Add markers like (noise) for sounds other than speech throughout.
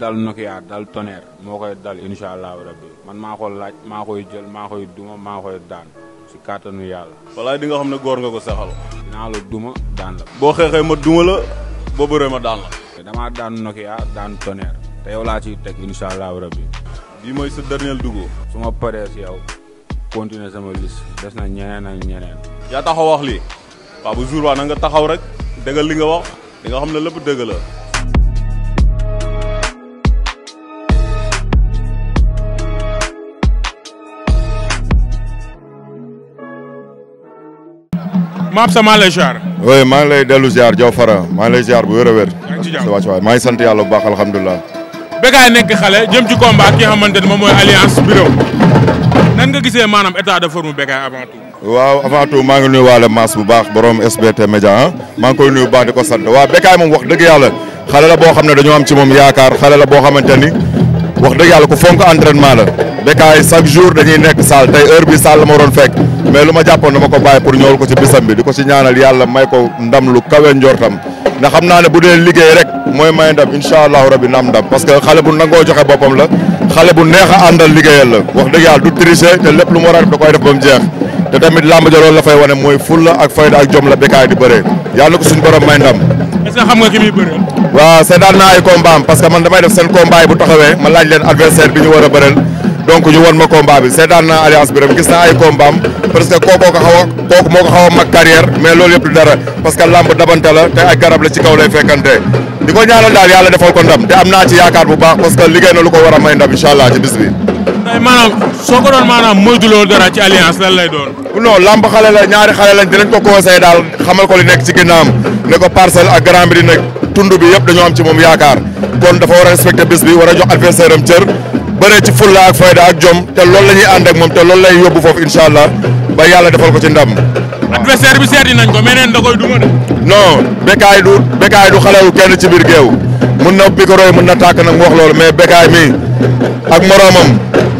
dal Nokia dal tonnerre moo koy dal incha rabbi man maa ko laaj maa koy jël maa koy duma maa koy daan si kàttanu yàlla. walaay di nga xam ne góor nga ko saxal. dinaa la duma daan la. boo xeexee ma duma la boo bëree ma daan la. damaa daan Nokia daan tonnerre te yow laa ciy teg incha allahu rabbi. bii mooy sa dernier dugub. su ma paree si yow continuer sama liste des na ñeneen a ñeneen. yaa taxaw wax lii. waaw bu jour waa na nga taxaw rek dëggal li nga wax. li nga xam ne lépp dëgg la. maam sa maa ngi lay ziar. maa ngi lay dellu ziar Diaw Fara maa ngi lay ziar bu wér a wér. maa ngi sant yàlla bu baax alhamdulilah. Bécaye nekk xale jëm ci combat ki ma xamante ne moom mooy Alliance Birame nan nga gisee maanaam état de forme Bécaye avant waaw avant tout maa ngi nuyu waale Mass bu baax borom SBT Média ah maa ngi koy nuyu bu baax di ko sant waaw Bécaye moom wax dëgg yàlla xale la boo xam ne dañoo am ci moom yaakaar xale la boo xamante ni wax dëgg yàlla ko fonk entraînement la. Bécaye chaque jour dañuy nekk salle tey heure bi salle la ma waroon fekk mais lu ma jàppoon dama ko bàyyi pour ñëwal ko ci bisam bi di ko ci ñaanal yàlla may ko ndam lu kawe njortam ndax xam naa ne bu dee liggéey rek mooy may ndam incha allahu rabi naam ndam parce que xale bu nangoo joxe boppam la xale bu neex àndal liggéeyal la wax dëgg yàlla du tricher te lépp lu mu war a da koy def ba mu jeex te tamit làmb loolu la fay wane mooy fulla la Bécaye di bëree a bëreel donc ñu won ma combat bi seetaan naa alliance bi rek gis naa ay combat am kooku a moo ko xaw a mag carrière mais loolu yëpp du dara parce que làmb te ay garab la ci kaw lay fekkante di ko ñaanal daal yàlla defal ko ndam te am naa ci yaakaar bu baax parce liggéey na lu ko war a may ndam incha allah ci bis maanaam soo ko doon maanaam moytuloo dara ci alliance lan doon. non xale la ñaari xale lañ dinañ ko conseillé daal xamal ko li nekk ci ginnaam yëpp dañoo am moom yaakaar kon dafa war a a jox bëree ci fulla ak fayda ak jom te lool la ñuy ànd ak moom te loolu lay yóbbu foofu incha allah ba yàlla defal ko ci ndam. adversaire bi seeti nañ ko mais neen da koy duma de. non Bécaye du Bécaye du xalewu kenn ci biir géew mun na micro yi mun na tàkk nag mu wax loolu mais Bécaye mi ak moroomam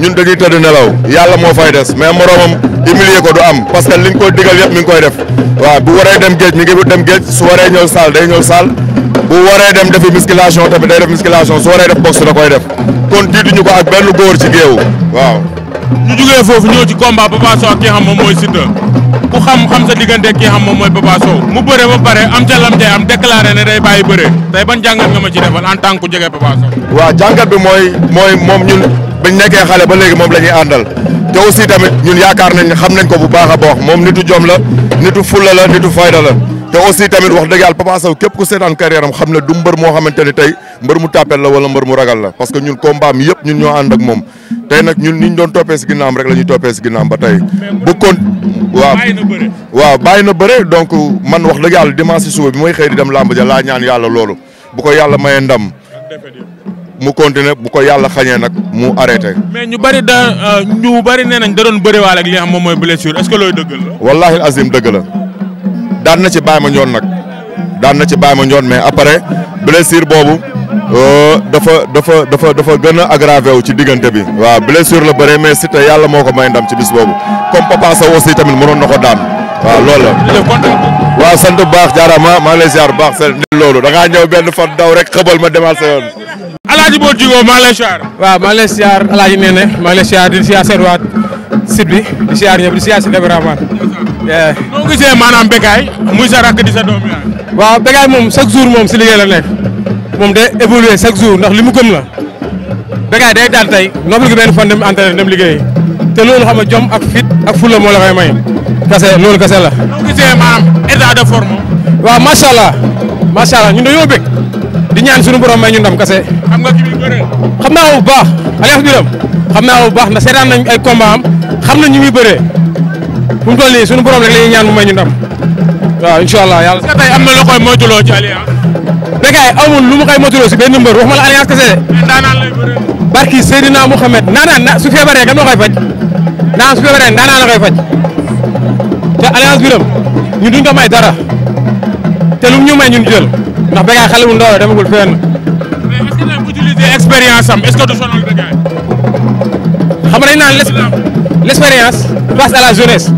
ñun dañuy tëdd nelaw yàlla moo fay des mais moroomam humilier ko du am parce que liñ koy digal yëpp mi ngi koy def waaw bu waree dem géej mi ngi dem géej su waree ñëw saal day ñëw saal. bu waree dem defi musculation tamit day def musculation su waree def boxe da koy def kon tiituñu ko ak benn góor ci géew waaw. ñu jugee foofu ñëw ci combat Papa ak ki xam moom mooy Siteu ku xam xam sa diggante ki xam moom mooy Papa Sow mu bëre ba pare am ca lam tey am déclaré ne day bàyyi bëre tey ban jàngat nga ma ci defal en tant que ku jege Papa Sow. waaw bi mooy mooy moom ñun bañ nekkee xale ba léegi moom la ñuy àndal te aussi tamit ñun yaakaar nañ xam nañ ko bu baax a baax moom nitu jom la nitu fulla la nitu fayda la. te aussi tamit wax dëgg yàlla Papa Sow képp ku seetaan carrière xam ne du mbër moo xamante tey mbër mu tàppel la wala mbër mu ragal la parce que ñun combat am yëpp ñun ñoo ànd ak moom tey nag ñun doon toppee si ginnaam rek la ñuy toppee si ginnaam ba tey bu kon waaw waaw bàyyi na bëre donc man wax dëgg yàlla dimanche si suba bi mooy xëy di dem làmb laa ñaan yàlla loolu bu ko yàlla mayee ndam mu continuer bu ko yàlla xañee nag mu arrêté. mais ñu bari da euh, ñu bari nee nañ da doon bëriwaale ak li nga xam moom la daan na ci bàyyi ma njoon nag daan na ci bàyyi ma njoon mais après blessure boobu euh, dafa dafa dafa dafa gën a aggravé wu ci diggante bi. waaw blessure la bëree mais Siteu yàlla moo ko may ndam ci bis boobu comme Papa Sow aussi tamit mënoon na ko daan waaw loolu la. waaw sant bu baax jaaraama maa ngi lay ziar bu baax seen loolu da ngaa ñëw benn fan daw rek xëbal ma demal sa yoon. alaaji boo jigoo maa ngi lay siyaar waaw maa ngi lay siyaar ne maa ngi lay siyaar di siyaar seen waa bi di siyaar ñëpp di siyaar si cameraman noo gisee maanaam Bécaye muy sa rakk di sa doom yaay. waaw Bécaye moom chaque jour moom si liggéey la nekk moom day évoluer chaque jour ndax li mu gëm la Bécaye day daan tey noppalu gi benn fan dem entraîné dem liggéey te loolu xam nga jom ak fit ak fulla moo la koy may kase loolu kase la. waaw macha allah macha di ñaan suñu borom may ñu kase. xam nga ki baax Aliou Diop xam naa bu baax ndax seetaan nañ ay xam nañ ñu muy bëree. bu ñu toll nii suñu borom rek la ñuy ñaan mu may ñu ndam waaw incha allah yàlla. est-ce que tey am na loo koy moytuloo ci alliance. da ngay amul lu mu koy moytuloo si benn mbër wax ma la alliance kese de. daanaan lay bëri. barki Seydina Mouhamed naanaan na su feebaree kan ma koy faj naan su feebaree naanaan la koy faj te alliance biram ñun duñ ko may dara te lu ñu may ñun jël ndax da ngay xale wu ndaw demagul fenn. mais est-ce que tey bu utiliser expérience am est-ce que du sonal da ngay. xam nga dañ naan l'expérience face à la jeunesse.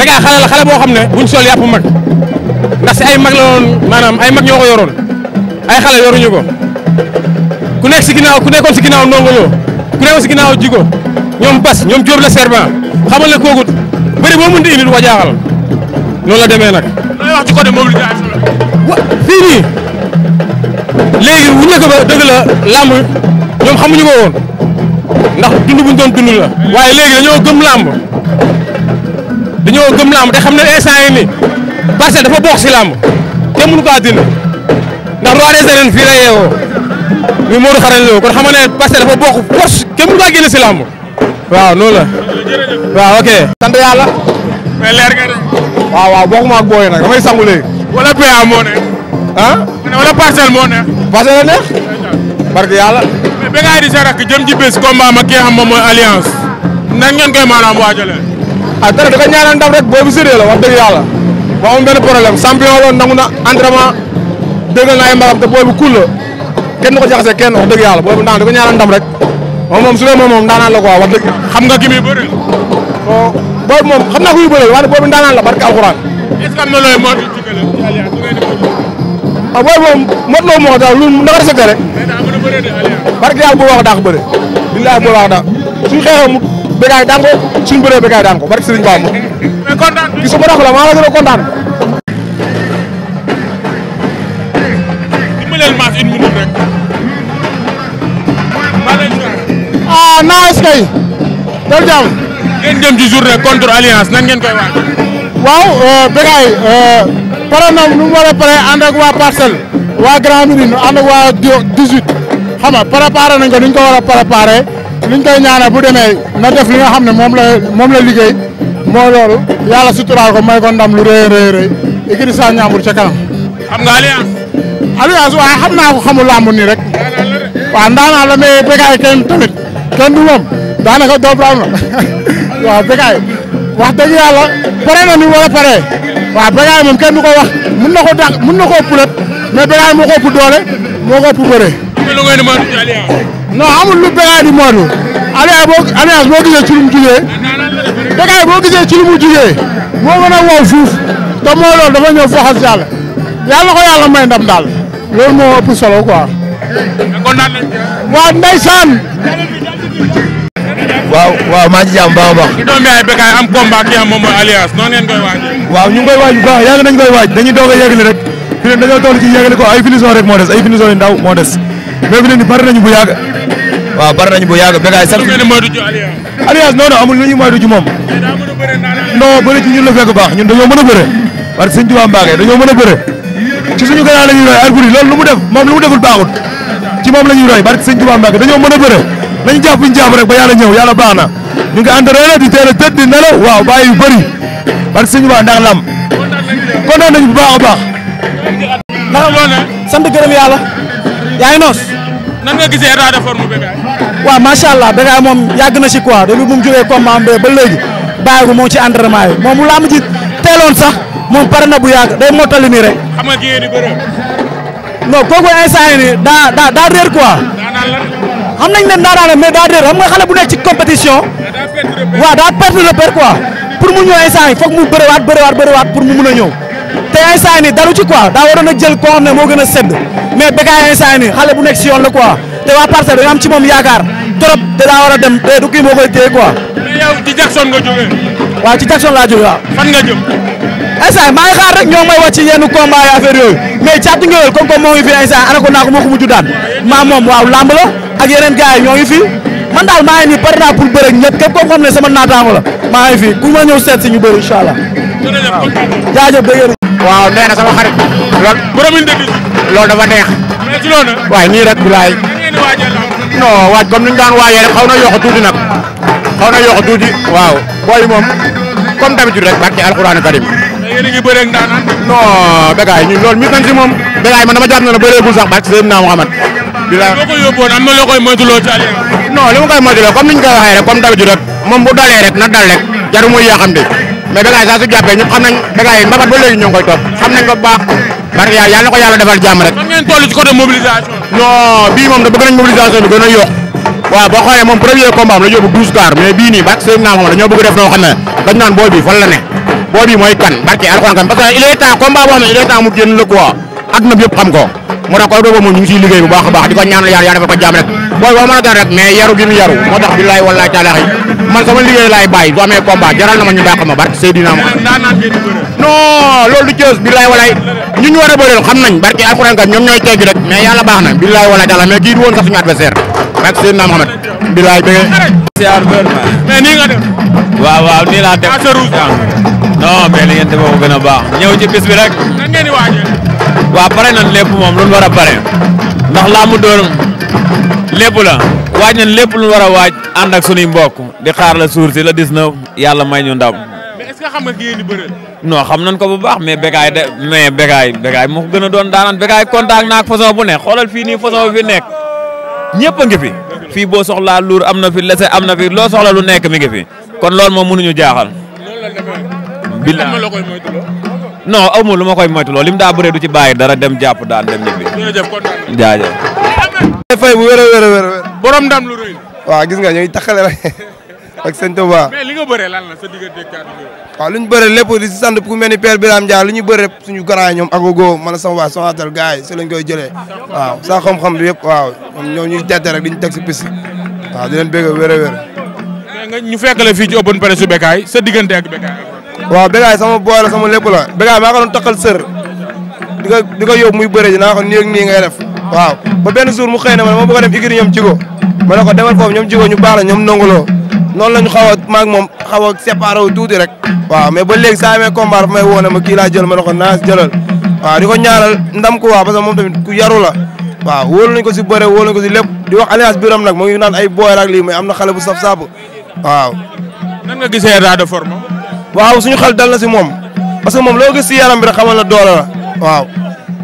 Bécaye xale la xale boo xam ne buñ sol yàpp mag ndax si ay mag la woon maanaam ay mag ñoo ko yoroon ay xale yoruñu ko ku nekk si ginnaaw ku nekkoon si ginnaaw Ndongo Lo ku nekkoon si ginnaaw Djigo ñoom Bas ñoom Diop la serment xamal ne kooku bëri boo mën di indil wa jaaxal la demee nag. looy côté mobilisation wa léegi wu ñu ba dëgg la làmb ñoom xamuñu ko woon ndax dund buñ doon dund la waaye léegi dañoo gëm làmb. dañoo gëm làmb te xam ne instant yi dafa bokk si làmb te kaa dindi ndax roi des arènes fii yeewoo muy Modou Xarañ Lo kon xam nga dafa bokk force kenn kaa génne si làmb waaw loolu la waaw ok. sant yàlla. mais leer nga de. waaw waaw bokkuma ak booy nag damay sangu léegi. wala moo ne. ah. wala parcelle moo ne. parcelle la neex. barke yàlla. mais ngaa di sa rakk jëm ci bés combat ma alliance. nan ngeen koy maanaam waajalee. ah dara da ko ñaanal ndam rek boobu sérieux la wax dëgg yàlla ba am benn problème champion la na entraînement dëggal na ay mbaram te boobu kuul la kenn du ko jaxase kenn wax dëgg yàlla boobu da ko ñaanal ndam rek moom moom su dee moom moom ndaanaan la quoi wax dëgg. xam nga ki muy bëri. bon boobu moom xam naa ko yu bëri waaye boobu la barke alxuraan. est-ce que am na looy moo di a Aliou ah boobu moom mot loo moo lu naka respecté rek. barke yàlla bu wax dàq bëri. billahi bu wax dàq Bécaye daan ko suñu bëree Bécaye daan ko barke Serigne Bamba. mais kontaan bi gisuma dox la maa la gën a kontaan. dimbali leen maas une minute rek. maa leen jox. ah kay. dal journée contre alliance nan ngeen koy waaj. waaw euh, Bécaye euh, pare na nu pare ànd waa parcelle. waa Grand Médine ànd ak waa 18. xam nga préparé nañ ko ni ko war a préparé liñ koy ñaanal bu demee na def li nga xam ne moom la moom la liggéey moo loolu yàlla suturaal ko may ko ndam lu rëy rëy rëy Idriss Sa Ndiambour xam nga alliance. alliance xam naa ko xamul làmb nii rek. waaw ndaanaa la mais Bécaye kenn tamit kenn du moom daanaka doomu am la (laughs) waaw Bécaye wax dëgg yàlla pare na ni mu war a paree waaw kenn du ko wax mun na ko dàq mun na ko ëpp lépp mais moo ko ëpp doole moo ko ëpp bëre. non amul lu bégaay di Modou. boo gisee ci lu mu jugee. bégaay boo gisee ci lu mu jugee. moo mën a wow fuuf te moo dafa ñëw foxal si yàlla. yàlla ko yàlla may ndam daal. loolu moo ëpp solo quoi. waaw waaw maa ngi ci jàmm baax a baax. doom yaay békaay am combat ki am moom mooy alliance noonu ngeen koy waaj. waaw ñu ngi koy waaj bu baax yàgg nañu koy doog a yeggali rek fi ne dañoo toll ci yeggali ko ay finition rek moo des ay finition ndaw moo mais fi ne nii pare nañu bu yàgg. waaw pare nañu bu yàgg Bécaye sax. alliance non non amul lu ñuy moytu ci moom. non bëri ci ñun la fekk baax ñun dañoo mën a bëre. parce que sëñ Tuubaa Mbàkke dañoo mën a bëre. ci suñu gànnaaw la ñuy roy arburi loolu lu mu def moom lu mu deful baaxut ci moom la ñuy roy parce que sëñ Tuubaa Mbàkke dañoo mën a bëre nañu jàpp ñu jàpp rek ba yàlla ñëw yàlla baax na ñu ngi entraîné di teel a tëdd di nelaw waaw bàyyi yu bëri parce que sëñ Tuubaa ndax lam kontaan nañu bu baax a baax. sant gërëm yàlla yaa ngi noos. nan nga gisee état de waaw macha allah Bécaye moom yàgg na si quoi depuis bu mu jógee combat am ba léegi bàyyi ko moo ci entraînement yi moom mu laa mujj teeloon sax moom pare na bu yàgg day mottali nii rek. xam nga ki ngeen di bëre. non kooku instant yii nii daa daa daa réer quoi. xam nañ ne ndaanaan mais daa réer xam nga xale bu nekk ci compétition. waaw daa perte repère quoi pour mu ñëw instant yii foog mu bëriwaat bëriwaat bëriwaat pour mu mun a ñëw. instant nii daru ci quoi daa waroon a jël koo ne moo gën a sedd mais Bécaye instant nii xale bu nekk si yoon la quoi te waa parcelle dañu am ci moom yaakaar trop te daa war a dem te du kii moo koy téye quoi. mais yow ci Jackson nga jógee. waaw ci Jackson laa jógee waaw. fan nga jëm. instant maa ngi xaar rek ñoo may wàcc yenn combat yi affaire yooyu la ak yeneen gars ñoo ngi fi man daal maa ngi nii pare naa pour bëre ak ñëpp képp koo ne sama naataango la maa ngi fi ku ma ñëw waaw nee na sama xarit. loolu borom dëgg loolu dafa neex. mais waaye nii rek bilaay. non waaj comme ni daan waajee rek xaw na yokk tuuti nag. xaw na yokk tuuti. waaw booy moom comme d'habitude rek barke alxuraanu karim. yéen a ngi bëree ak daan non bégaay ñun loolu mis nañ si moom. bégaay man dama jàpp ne la bëreegul sax barke Seydina Muhammad. bilaay boo ko yóbbuwoon loo koy li ma koy moytuloo comme ni ñu koy waxee rek comme d'habitude rek moom bu dalee rek na dal rek jaru muy yaa de mais bégaay saa su jàppee mbabat ba léegi ñoo ngi xam nañ ko baax barke yàlla yàlla defal jàmm rek. fan moom da bëgg nañ mobilisation bi gën a yokku waaw boo moom premier combat la yóbbu douze gaar mais bii nii barke sëñ naa moom dañoo bëgg def noo xam ne dañ naan booy bi mooy kan barke alxuraan kan parce que il est temps combat boo xam ne il est temps mu génn la quoi àdduna bi yëpp ko moo moom ñu ngi liggéey man sama liggéey laay bàyyi bu amee combat jaral na ma ñu dàq ma barke Seydina Muhammad non loolu du jëf billaay walaay ñu ñu war a bëreel xam nañ barke alxuraan kam ñoom ñooy teggi rek mais yàlla baax na billaay walaay dala mais kii du woon sax suñu adversaire barke Seydina Muhammad billaay bëgg mais nii nga def waaw waaw nii laa def non mais li ngeen def ko gën a baax ñëw ci bis bi rek nan ngeen di waajee waaw pare nañ lépp moom lu war a pare ndax laa mu dóor lépp la waaj nañ lépp lu war a waaj ànd ak sunuy mbokk di xaar la suur si la 19 yàlla may ñu ndam. mais est-ce que xam nga ki ngeen xam nañ ko bu baax mais Bécaye de mais Bécaye Bécaye moo ko gën a doon daanaan Bécaye contact naak façon bu ne xoolal fii nii façon bi fi nekk ñëpp a ngi fi. fii boo soxlaa luur am na fi lese am na fi loo soxla lu nekk mi ngi fi kon loolu moom mënuñu jaaxal. bilaa non aw ma lu ma koy moytu lool lim daa bëree du ci bàyyi dara dem jàpp daan dem ñibbi. jaajëf. fay bu wér a wér nga ñooy taxale rek (laughs) ak sëñ Touba. li nga bëree la sa diggante kàddu gi. waaw lu ñu si sant ku mel ni Père Birame Dia lu ñu bëree suñu grand ñoom agogo man sama waa sonatal gars yi si lañ koy jëlee sa xam-xam bi yëpp waaw ñoom ñuy tette rek di ñu teg si piste waaw di leen bëgg a ñu fekk fii ci open sa diggante ak Bécaye. waaw Bécaye sama boy la sama lépp la Bécaye maa ko doon takkal sër di ko di ko yóbbu muy bëree waaw ba benn jour mu xëy na ma ma bëgg dem igri ñoom jigo ma ne ko demal foofu ñoom jigo ñu baax la ñoom nongoloo noonu la ñu xaw a maag moom xaw a tuuti rek waaw mais ba léegi saa amee combat fa may woo ne ma kii laa jël ma ne ko naas jëlal waaw di ko ñaanal ndam ko waaw parce que moom tamit ku yaru la waaw wóolu nañ ko si bëre wóolu nañ ko si lépp di wax alliance biram nag mu ngi naan ay booy ak lii am na xale bu saf sap waaw nan nga gisee état de forme waaw suñu xel dal na si moom parce que moom loo gis si yaram bi rek xamal na doole la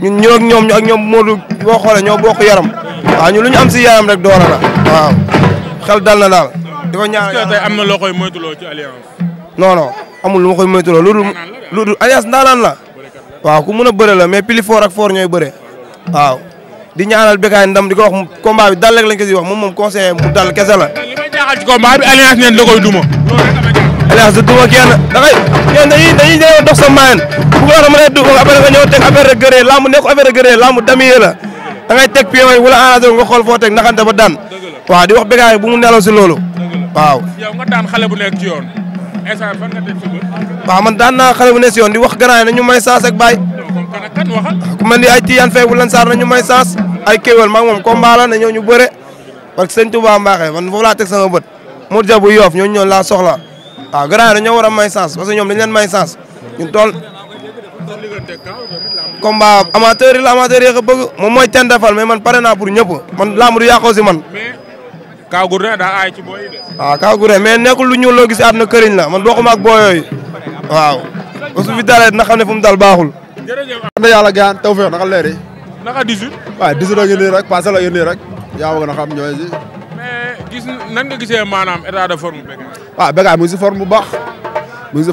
ñun ñoo ak ñoom ñu ak ñoom Modou boo xoolee ñoo bokk yaram waaw ñu lu ñu am si yaram rek doora na waaw xel dal na daal. di ko ñaanal yàlla tey am na loo koy moytuloo ci alliance. lu ma koy moytuloo loolu. la. waaw ku mun a bëre la mais pili fort ak fort ñooy bëre. waaw di ñaanal Bécaye ndam di ko wax combat bi dal rek lañ ko si kese la. da koy duma. Elias du duma kenn da ngay kenn dañuy dañuy ñëw dox sa maayan bu ko waxee mu ne du affaire nga ñëw teg affaire rek gëree lamb nekk affaire rek gëree lamb damiyee la da ngay teg pion yi wala arrangé nga xool foo teg naxante ba daan waaw di wax bégaay bu mu nelaw si loolu waaw. yow nga daan xale bu nekk ci yoon. instant fan nga teg sa bët. waaw man daan naa xale bu nekk si yoon di wax gannaaw yi nañu may saas ak bàyyi. kan waxal. ku mel ni ay Tidiane Faye bu lan saar nañu may saas ay kéwél maa ngi moom combat la na ñëw ñu bëre parce que sëñ Touba Mbacké man foofu laa teg sama bët Modou Dia bu Yoff ñooñu ñoon laa soxla waaw grand dañoo war a may sens parce que ñoom dañ leen may sens ñun tool. combat amateur yi la amateur yi ko bëgg moom mooy ten defal man pare naa pour ñëpp man laamu du yàqoo si man. Kaw Gourdin lu ñuul loo gis àdduna këriñ la man bokkuma ak booy yooyu waaw. su fi dalee na xam ne fu mu dal baaxul. jërëjëf. na naka leer yi. naka 18. waaw 18 la ngi nii rek passé la ngi nii rek gis nan nga gisee maanaam état de forme Bécaye. waaw Bécaye mu ngi si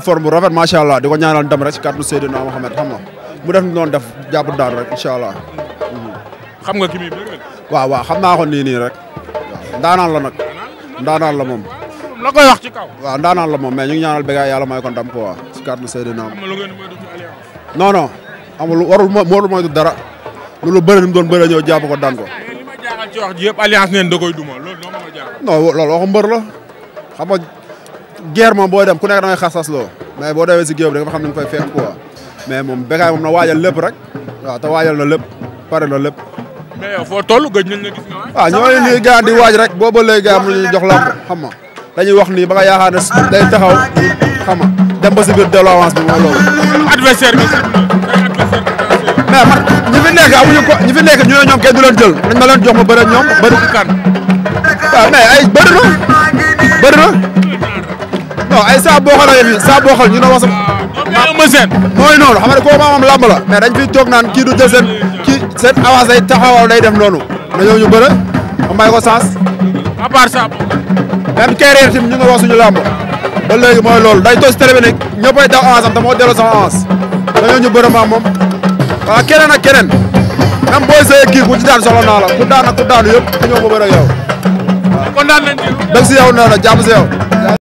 forme mu ngi macha allah di ko ñaanal ndam rek si kàddu Seydina Mohamed xam nga mu def noonu def daan rek incha allah. xam nga ki muy bëri waaw waaw xam naa ko nii nii rek. waaw ndaanaan la nag. ndaanaan la moom. la koy wax ci kaw. waaw ndaanaan la moom mais ñu ngi ñaanal yàlla may ko ndam quoi si kàddu Seydina. na lu ngeen moytu ci alliance. non non amul warul warul doon bëri ñëw jàpp ko non loolu waxu mbër la xam nga guerre moom booy dem ku nekk da ngay xas-xas loo mais boo demee si géew bi da nga xam ne nga fay fekk quoi mais moom Bécaye moom na waajal lépp rek waaw te waajal na lépp pare na lépp. mais yow foo toll gëj nañ la gis nga. waaw ah, ñooñu ñuy gaa di waaj rek boo ba léegi gaa mu ñu jox lamb xam nga dañuy wax nii ba nga yaakaar ne day taxaw xam nga dem ba si biir dellu avance bi mooy loolu. adversaire bi mais man. nekk amuñu ko ñi fi nekk ñoo ñoom kenn du leen jël nañ ma leen jox ma bëri ñoom bëri ku kan waaw mais ay bëri na bëri na non ay saa boo xoolee yéen na boo xool ñu ne wax. ma mooy noonu xam nga koo ma moom lamb la mais dañ fiy toog naan kii du jël seen kii seen avance day taxawal day def noonu dañoo ñu bëre ma may ko sens. à part ça. même carrière tim ñu nga wax loolu day tos tere bi nag ñëppay daw ma moom. waaw ah, keneen ak keneen même booy sëyee kii ku ci daan soxla naa la ku daan ak ku daanu yëpp ñëw ma bëre ak yow. waaw kontaan nañ ci. si yow nee na jàmm